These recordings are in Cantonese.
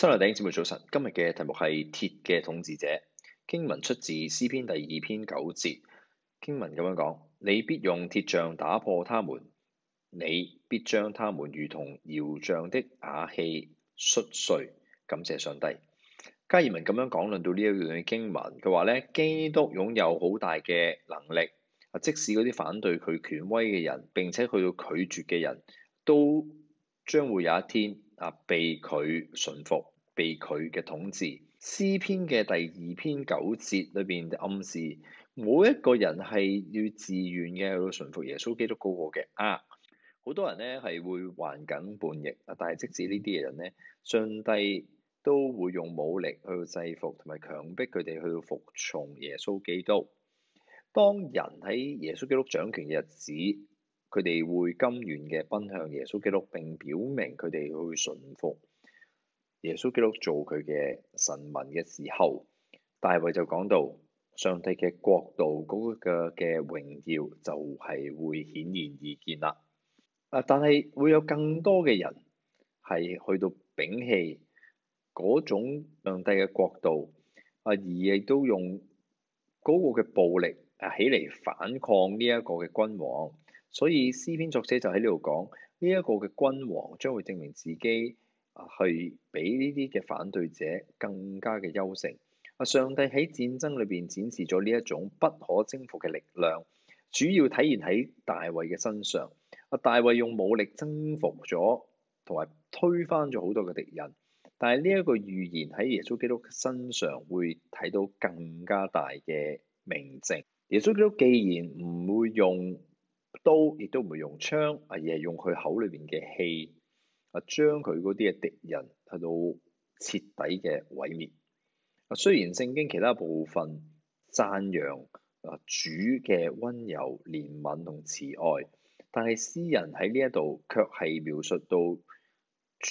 新來頂尖姐早晨，今日嘅題目係鐵嘅統治者，經文出自詩篇第二篇九節，經文咁樣講：你必用鐵杖打破他們，你必將他們如同窯匠的瓦器摔碎。感謝上帝。加爾文咁樣講論到呢一段嘅經文，佢話咧，基督擁有好大嘅能力，啊，即使嗰啲反對佢權威嘅人，並且去到拒絕嘅人都將會有一天。啊，被佢順服，被佢嘅統治。詩篇嘅第二篇九節裏邊暗示，每一個人係要自願嘅去到順服耶穌基督嗰個嘅。啊，好多人咧係會頑梗叛逆啊，但係即使呢啲嘅人咧，上帝都會用武力去到制服同埋強迫佢哋去到服從耶穌基督。當人喺耶穌基督掌權嘅日子。佢哋會甘願嘅奔向耶穌基督，並表明佢哋去順服耶穌基督做佢嘅神民嘅時候，大衛就講到上帝嘅國度嗰個嘅榮耀就係會顯然易見啦。啊！但係會有更多嘅人係去到摒棄嗰種上帝嘅國度啊，而亦都用嗰個嘅暴力啊起嚟反抗呢一個嘅君王。所以詩篇作者就喺呢度講，呢一個嘅君王將會證明自己，啊，去比呢啲嘅反對者更加嘅優勝。啊，上帝喺戰爭裏邊展示咗呢一種不可征服嘅力量，主要體現喺大衛嘅身上。啊，大衛用武力征服咗，同埋推翻咗好多嘅敵人。但係呢一個預言喺耶穌基督身上會睇到更加大嘅明證。耶穌基督既然唔會用。刀亦都唔係用槍，啊，而係用佢口裏邊嘅氣，啊，將佢嗰啲嘅敵人去到、啊、徹底嘅毀滅。啊，雖然聖經其他部分讚揚啊主嘅溫柔、憐憫同慈愛，但係詩人喺呢一度卻係描述到主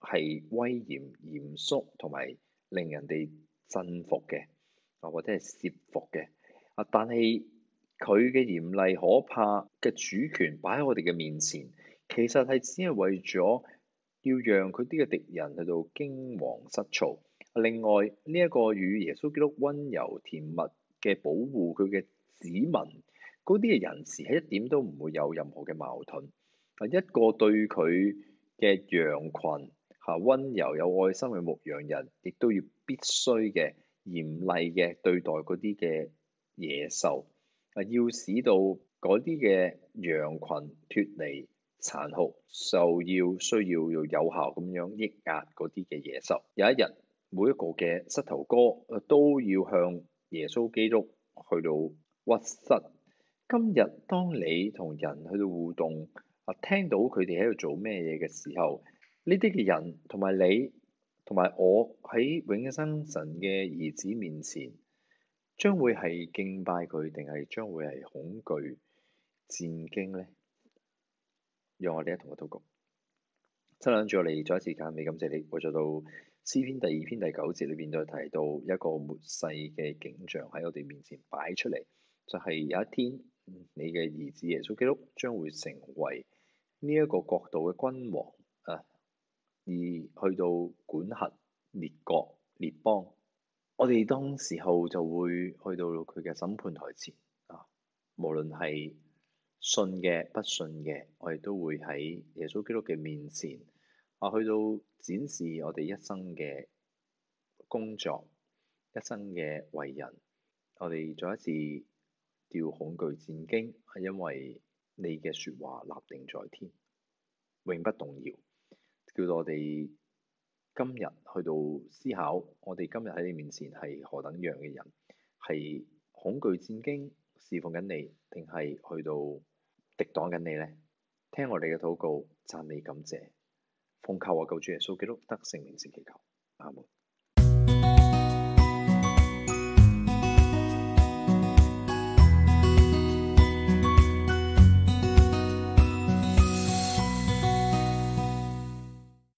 係威嚴、嚴肅同埋令人哋震服嘅，啊，或者係懾服嘅。啊，但係。佢嘅嚴厲可怕嘅主權擺喺我哋嘅面前，其實係只係為咗要讓佢啲嘅敵人喺度驚惶失措。另外呢一、這個與耶穌基督溫柔甜蜜嘅保護佢嘅子民，嗰啲嘅人士，係一點都唔會有任何嘅矛盾。啊，一個對佢嘅羊群，嚇溫柔有愛心嘅牧羊人，亦都要必須嘅嚴厲嘅對待嗰啲嘅野獸。要使到嗰啲嘅羊群脫離殘酷，就要需要有效咁樣抑壓嗰啲嘅野獸。有一日，每一個嘅膝頭哥都要向耶穌基督去到屈膝。今日當你同人去到互動啊，聽到佢哋喺度做咩嘢嘅時候，呢啲嘅人同埋你同埋我喺永生神嘅兒子面前。將會係敬拜佢，定係將會係恐懼戰驚咧？讓我哋一同去禱告。親住，我哋再一次讚美感謝你。我哋到詩篇第二篇第九節裏邊都有提到一個末世嘅景象，喺我哋面前擺出嚟，就係、是、有一天你嘅兒子耶穌基督將會成為呢一個國度嘅君王，誒，而去到管轄列國列邦。我哋當時候就會去到佢嘅審判台前啊，無論係信嘅、不信嘅，我哋都會喺耶穌基督嘅面前啊，去到展示我哋一生嘅工作、一生嘅為人。我哋再一次叫「恐懼戰驚」，係因為你嘅説話立定在天，永不動搖，叫到我哋。今日去到思考，我哋今日喺你面前係何等樣嘅人，係恐懼戰驚侍奉緊你，定係去到敵擋緊你呢？聽我哋嘅禱告，讚美感謝，奉靠啊！救主耶穌基督得勝名成祈求，阿門。